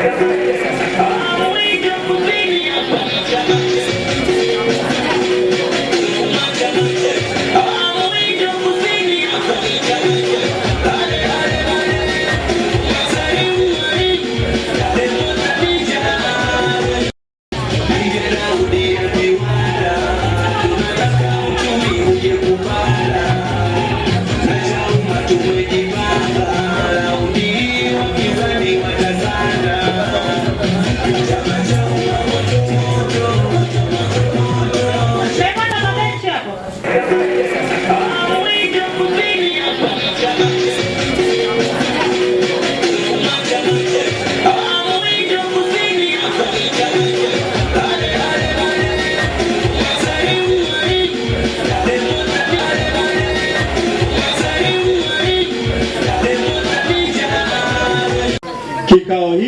Thank you.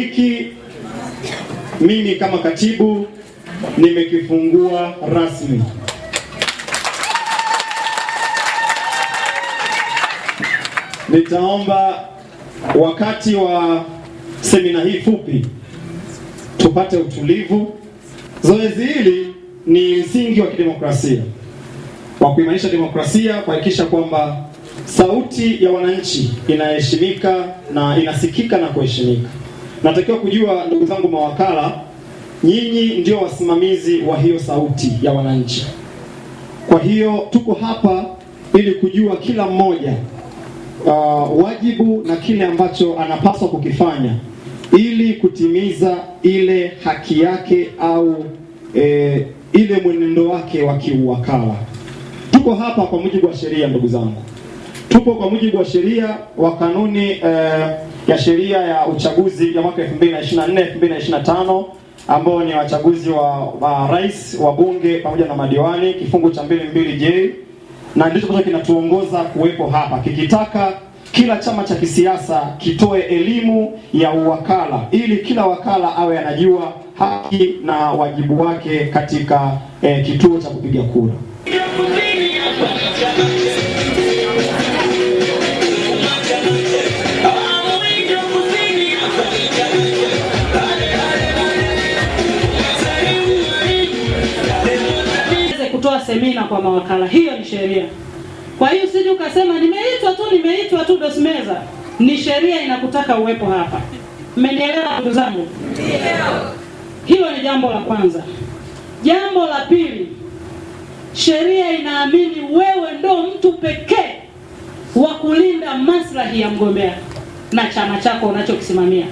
hiki mimi kama katibu nimekifungua rasmi. Nitaomba wakati wa semina hii fupi tupate utulivu. Zoezi hili ni msingi wa kidemokrasia wa kuimarisha demokrasia, kuhakikisha kwamba sauti ya wananchi inaheshimika na inasikika na kuheshimika. Natakiwa kujua ndugu zangu mawakala, nyinyi ndio wasimamizi wa hiyo sauti ya wananchi. Kwa hiyo tuko hapa ili kujua kila mmoja uh, wajibu na kile ambacho anapaswa kukifanya ili kutimiza ile haki yake au e, ile mwenendo wake wa kiuwakala. Tuko hapa kwa mujibu wa sheria, ndugu zangu, tupo kwa mujibu wa sheria wa kanuni uh, ya sheria ya uchaguzi ya mwaka 2024 2025 ambao ni wachaguzi wa, wa rais wa bunge pamoja na madiwani kifungu cha 22J, na ndicho ambacho kinatuongoza kuwepo hapa kikitaka kila chama cha kisiasa kitoe elimu ya uwakala ili kila wakala awe anajua haki na wajibu wake katika eh, kituo cha kupiga kura. semina kwa mawakala, hiyo ni sheria. Kwa hiyo usije ukasema nimeitwa tu nimeitwa tu Dosmeza, ni sheria inakutaka uwepo hapa. Mmenielewa ndugu zangu? Hilo ni jambo la kwanza. Jambo la pili, sheria inaamini wewe ndo mtu pekee wa kulinda maslahi ya mgombea na chama chako unachokisimamia.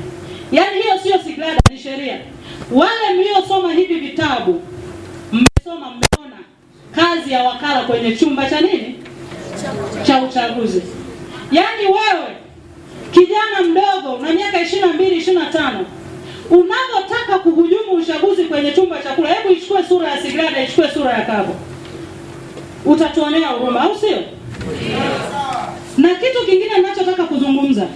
Yaani hiyo sio sigrada, ni sheria. Wale mliosoma hivi vitabu mmesoma, mmeona kazi ya wakala kwenye chumba cha nini cha uchaguzi. Yaani wewe kijana mdogo na miaka ishirini na mbili ishirini na tano unavyotaka kuhujumu uchaguzi kwenye chumba cha kula, hebu ichukue sura ya Sigrada, ichukue sura ya Kago, utatuonea huruma, au sio? Na kitu kingine ninachotaka kuzungumza,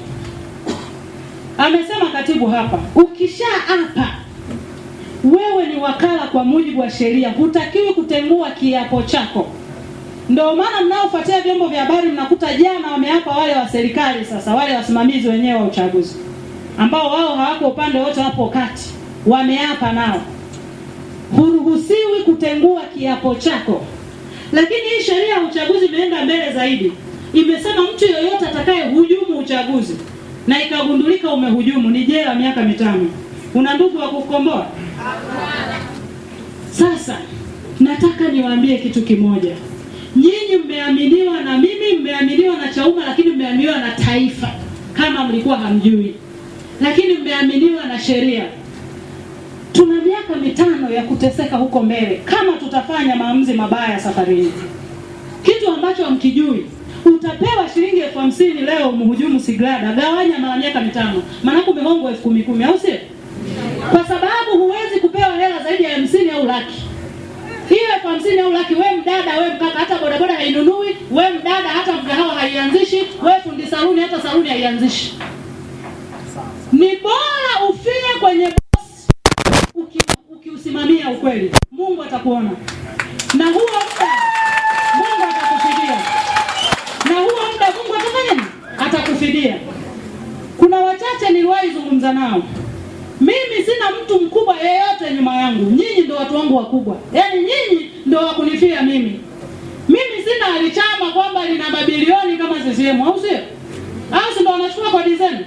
amesema katibu hapa, ukisha hapa wewe ni wakala kwa mujibu wa sheria, hutakiwi kutengua kiapo chako. Ndio maana mnaofuatia vyombo vya habari mnakuta jana wameapa wale wa serikali, sasa wale wasimamizi wenyewe wa uchaguzi ambao wao hawako upande wote, wapo kati, wameapa nao, huruhusiwi kutengua kiapo chako. Lakini hii sheria ya uchaguzi imeenda mbele zaidi, imesema mtu yoyote atakaye hujumu uchaguzi na ikagundulika umehujumu, ni jela miaka mitano. Una ndugu wa kukomboa? Sasa nataka niwaambie kitu kimoja. Nyinyi mmeaminiwa na mimi, mmeaminiwa na Chauma, lakini mmeaminiwa na taifa kama mlikuwa hamjui, lakini mmeaminiwa na sheria. Tuna miaka mitano ya kuteseka huko mbele kama tutafanya maamuzi mabaya safari hii, kitu ambacho hamkijui. Utapewa shilingi elfu hamsini leo, mhujumu Sigrada, gawanya mara miaka mitano, maanake umehongwa elfu kumi kumi, au sio? kwa sababu huwezi kupewa hela zaidi ya hamsini au laki iwe kwa hamsini au laki, we mdada, we mkaka, hata bodaboda hainunui. We mdada, hata mgahawa haianzishi. We fundi saluni, hata saluni haianzishi. Ni bora ufie kwenye kubwa. Yaani nyinyi ndio wakunifia mimi. Mimi sina alichama kwamba lina mabilioni kama CCM au sio? Au si ndio wanachukua kodi zenu?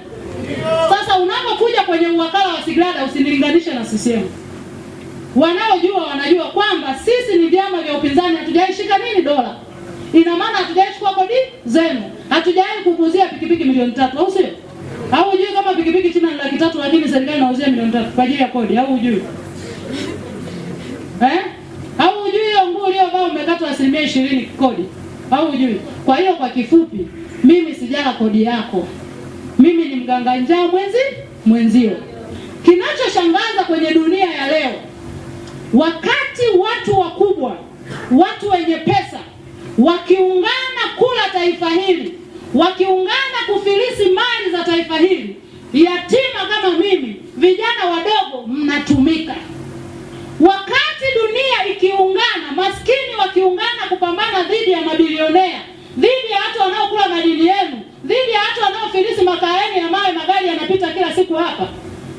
Sasa unapokuja kwenye uwakala wa Sigrada usinilinganishe na CCM. Wanaojua wanajua kwamba sisi ni vyama vya upinzani hatujaishika nini dola. Ina maana hatujaichukua kodi zenu. Hatujai kukuuzia pikipiki milioni tatu au sio? Au hujui kama pikipiki chini ni laki tatu lakini serikali inauzia milioni tatu kwa ajili ya kodi au hujui? ishirini kodi au ujui? Kwa hiyo kwa kifupi, mimi sijala kodi yako, mimi ni mganga njaa mwenzi mwenzio. Kinachoshangaza kwenye dunia ya leo, wakati watu wakubwa, watu wenye pesa wakiungana kula taifa hili, wakiungana kufilisi mali za taifa hili, yatima kama mimi, vijana wadogo mnatu magari yanapita kila siku hapa,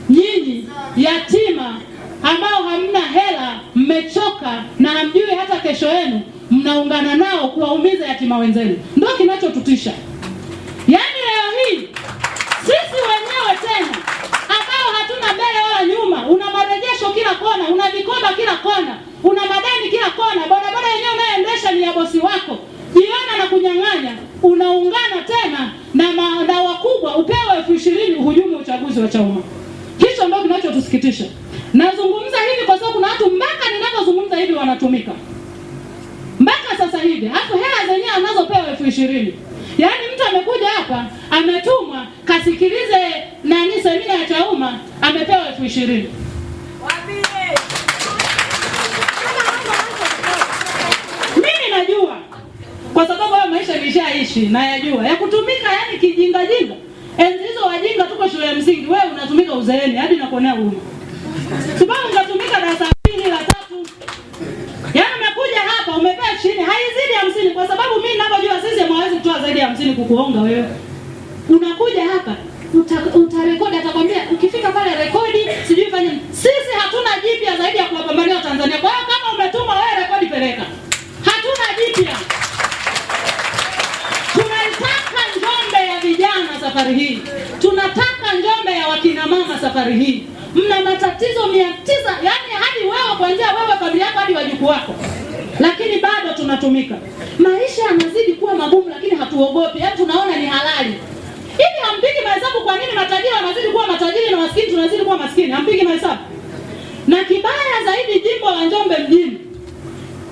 nyinyi yatima ambao hamna hela, mmechoka na hamjui hata kesho yenu, mnaungana nao kuwaumiza yatima wenzenu. Ndio kinachotutisha yaani, leo hii sisi wenyewe tena ambao hatuna mbele wala nyuma, una marejesho kila kona, una vikoba kila kona, una madeni kila kona, bodaboda yenyewe unayoendesha ni ya bosi wako, jiona na kunyang'anya, unaungana tena na na wakubwa upewe elfu ishirini uhujumu uchaguzi wa Chauma. Hicho ndio kinachotusikitisha. Nazungumza hivi kwa sababu kuna watu mpaka ninavyozungumza hivi wanatumika mpaka sasa hivi, alafu hela zenyewe anazopewa elfu ishirini. Yaani mtu amekuja hapa ametumwa kasikilize nani semina ya Chauma, amepewa elfu ishirini. naishi nayajua ya kutumika, yani kijinga jinga. Enzi hizo wajinga, tuko shule ya msingi, wewe unatumika uzeeni, hadi nakuonea huruma, sababu unatumika darasa pili la tatu. Yani umekuja hapa umepewa chini haizidi hamsini, kwa sababu mimi ninavyojua sisi hawezi kutoa zaidi ya hamsini kukuonga wewe. Unakuja hapa utarekodi, atakwambia ukifika pale rekodi, sijui fanya. Sisi hatuna jipya zaidi ya kuwapambania Tanzania. Kwa hiyo kama umetuma wewe rekodi, peleka, hatuna jipya. safari hii, tunataka Njombe ya wakina mama safari hii. Mna matatizo mia tisa, yani hadi wewe kuanzia wewe familia yako hadi wajukuu wako, lakini bado tunatumika. Maisha yanazidi kuwa magumu, lakini hatuogopi, yaani tunaona ni halali. Hivi hampigi mahesabu? Kwa nini matajiri wanazidi kuwa matajiri na maskini tunazidi kuwa maskini? Hampigi mahesabu? Na kibaya zaidi, jimbo la Njombe mjini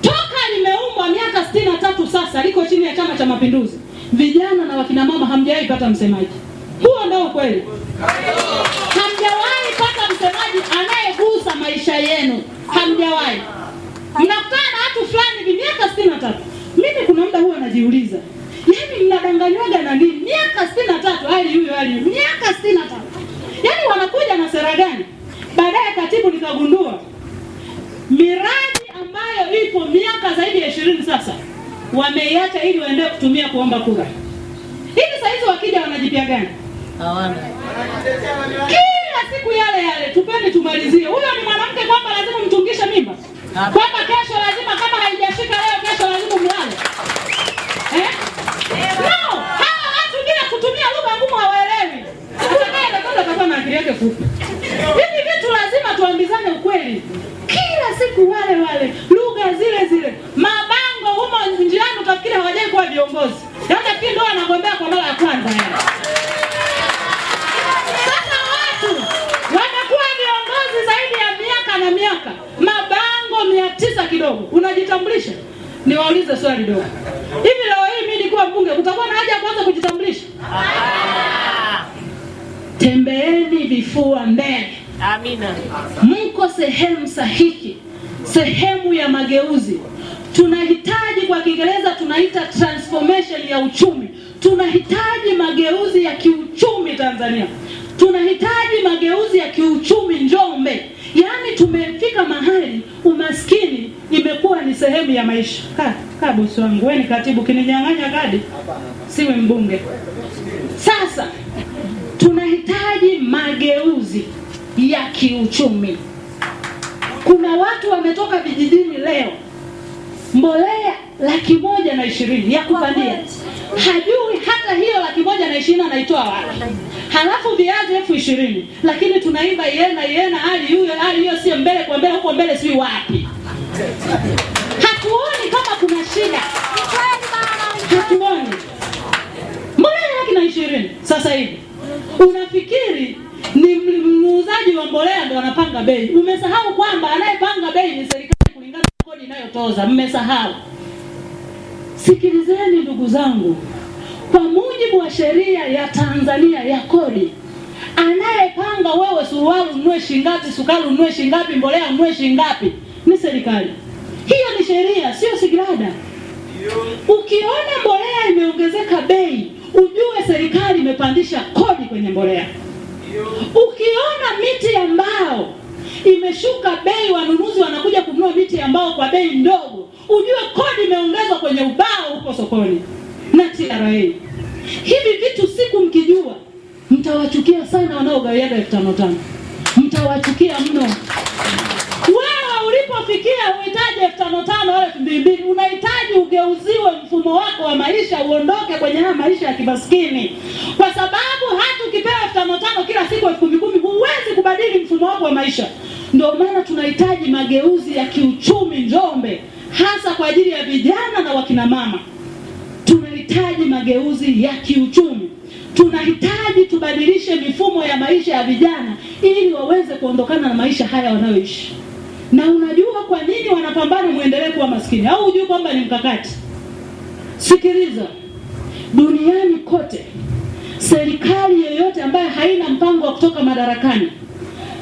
toka limeumbwa miaka sitini na tatu sasa liko chini ya Chama cha Mapinduzi vijana na wakina mama hamjawahi pata msemaji. Huo ndio ukweli, hamjawahi pata msemaji anayegusa maisha yenu, hamjawahi. Mnakaa na watu fulani hivi miaka sitini na tatu. Mimi kuna muda huwa najiuliza, yani mnadanganywaga na nini? Miaka sitini na tatu hali huyo hali, miaka sitini na tatu, yaani wanakuja na sera gani? Baadaye katibu nikagundua miradi ambayo ipo miaka zaidi ya ishirini sasa wameiacha ili waendelee kutumia kuomba kura. Hivi saa hizi wakija wanajipia gani? Hawana. Kila siku yale yale, tupeni tumalizie. Huyo ni mwanamke kwamba lazima mtungishe mimba, kwamba kesho lazima, kama haijashika leo, kesho lazima mlale eh? No, hawa watu bila kutumia lugha ngumu hawaelewi. Atakayeelewa na akili yake fupi. Hivi vitu lazima tuambizane ukweli, kila siku wale wale uongozi. Naona yaani pia ndio anagombea kwa mara ya kwanza. Sasa watu wanakuwa viongozi zaidi ya miaka na miaka, mabango mia tisa kidogo, unajitambulisha. Niwaulize swali dogo, hivi leo hii mimi nilikuwa mbunge, kutakuwa na haja ya kwanza kujitambulisha? Tembeeni vifua mbele. Amina, mko sehemu sahihi, sehemu ya mageuzi tunahitaji, kwa Kiingereza tunaita transformation ya uchumi. Tunahitaji mageuzi ya kiuchumi Tanzania, tunahitaji mageuzi ya kiuchumi Njombe. Yaani tumefika mahali umaskini imekuwa ni sehemu ya maisha. Ka, ka bosi wangu wewe ni katibu kininyang'anya kadi, siwe mbunge. Sasa tunahitaji mageuzi ya kiuchumi. Kuna watu wametoka vijijini leo mbolea laki moja na ishirini ya kupandia, hajui hata hiyo laki moja na ishirini anaitoa wapi? Halafu viazi elfu ishirini lakini tunaimba iena iena, hali hiyo hali hiyo, sio mbele kwa mbele, huko mbele sijui wapi. Hatuoni kama kuna shida, hatuoni mbolea laki na ishirini sasa hivi unafikiri ni muuzaji wa mbolea ndo anapanga bei? Umesahau kwamba anayepanga bei ni serikali kodi inayotoza mmesahau. Sikilizeni ndugu zangu, kwa mujibu wa sheria ya Tanzania ya kodi, anayepanga wewe suruali ununue shingapi, sukari ununue shingapi, mbolea ununue shingapi ni serikali. Hiyo ni sheria, sio Sigrada. Ukiona mbolea imeongezeka bei, ujue serikali imepandisha kodi kwenye mbolea. Ukiona miti ya mbao imeshuka bei, wanunuzi wanakuja kununua miti ya mbao kwa bei ndogo. Ujue kodi imeongezwa kwenye ubao huko sokoni na TRA. Hivi vitu siku mkijua, mtawachukia sana wanaogawiaga elfu tano tano, mtawachukia mno. Wewe ulipofikia uhitaji elfu tano tano au elfu mbili mbili, unahitaji ugeuziwe mfumo wako wa maisha, uondoke kwenye haya maisha ya kimaskini, kwa sababu hata ukipewa elfu tano tano kila siku elfu kumi kumi, huwezi kubadili mfumo wako wa maisha. Ndio maana tunahitaji mageuzi ya kiuchumi Njombe, hasa kwa ajili ya vijana na wakinamama. Tunahitaji mageuzi ya kiuchumi, tunahitaji tubadilishe mifumo ya maisha ya vijana ili waweze kuondokana na maisha haya wanayoishi. Na unajua kwa nini wanapambana muendelee kuwa maskini, au hujui kwamba ni mkakati? Sikiliza, duniani kote serikali yoyote ambayo haina mpango wa kutoka madarakani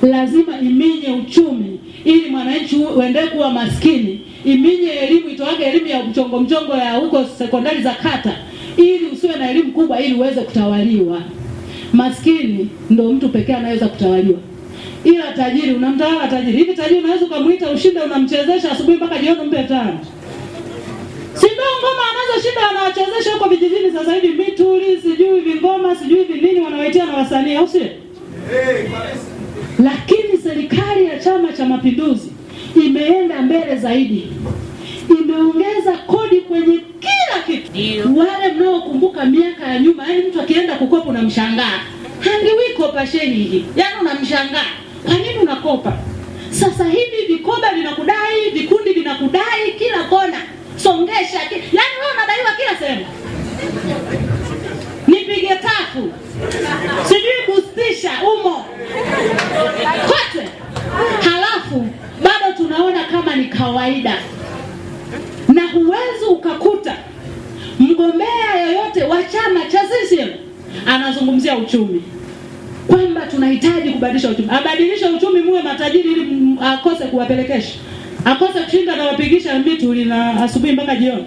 lazima iminye uchumi ili mwananchi uendelee kuwa maskini, iminye elimu, itoage elimu ya mchongo mchongo ya huko sekondari za kata, ili usiwe na elimu kubwa, ili uweze kutawaliwa. Maskini ndo mtu pekee anayeweza kutawaliwa, ila tajiri unamtawala tajiri. Hivi tajiri unaweza ukamwita ushinde, unamchezesha asubuhi mpaka jioni, mpe tano si ndio? Ngoma anazoshinda anawachezesha huko vijijini, sasa hivi mituli, sijui vingoma, sijui vinini, wanawaitia na wasanii, au sio? hey, lakini serikali ya Chama cha Mapinduzi imeenda mbele zaidi, imeongeza kodi kwenye kila kitu. Wale mnaokumbuka miaka ya nyuma, yaani mtu akienda kukopa unamshangaa, hangiwi kopa sheni hii, yaani unamshangaa kwa nini unakopa. Sasa hivi vikoba vinakudai, vikundi vinakudai, kila kona songesha, yaani wewe unadaiwa kila sehemu. Nipige tatu sijui kustisha umo kawaida, na huwezi ukakuta mgombea yoyote wa chama cha CCM anazungumzia uchumi kwamba tunahitaji kubadilisha uchumi, abadilishe uchumi muwe matajiri ili akose kuwapelekesha, akose kushinda na wapigisha mituli na asubuhi mpaka jioni.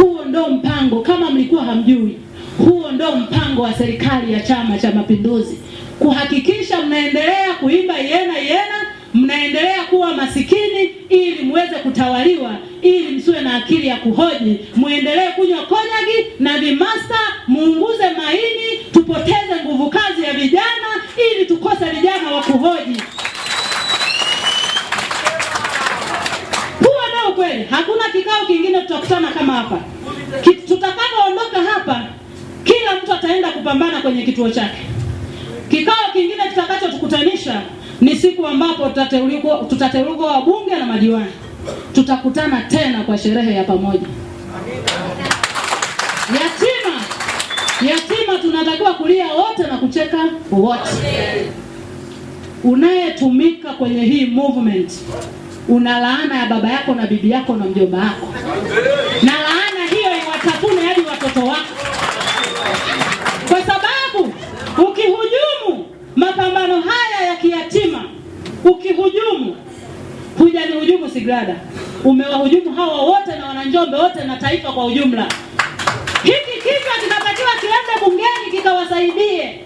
Huo ndo mpango, kama mlikuwa hamjui, huo ndo mpango wa serikali ya Chama cha Mapinduzi, kuhakikisha mnaendelea kuimba yena yena mnaendelea kuwa masikini ili muweze kutawaliwa, ili msiwe na akili ya kuhoji, muendelee kunywa konyagi na vimasta, muunguze maini, tupoteze nguvu kazi ya vijana ili tukose vijana wa kuhoji. Kuwa na kweli, Hakuna kikao kingine tutakutana kama hapa. Tutakapoondoka hapa, kila mtu ataenda kupambana kwenye kituo chake. Kikao kingine kitakachotukutanisha ni siku ambapo tutateuliwa wabunge na madiwani, tutakutana tena kwa sherehe ya pamoja. Yatima, yatima tunatakiwa kulia wote na kucheka wote. Unayetumika kwenye hii movement una laana ya baba yako na bibi yako na mjomba yako na brada, umewahujumu hawa wote na wananjombe wote na taifa kwa ujumla. Hiki kichwa kinatakiwa kiende bungeni kikawasaidie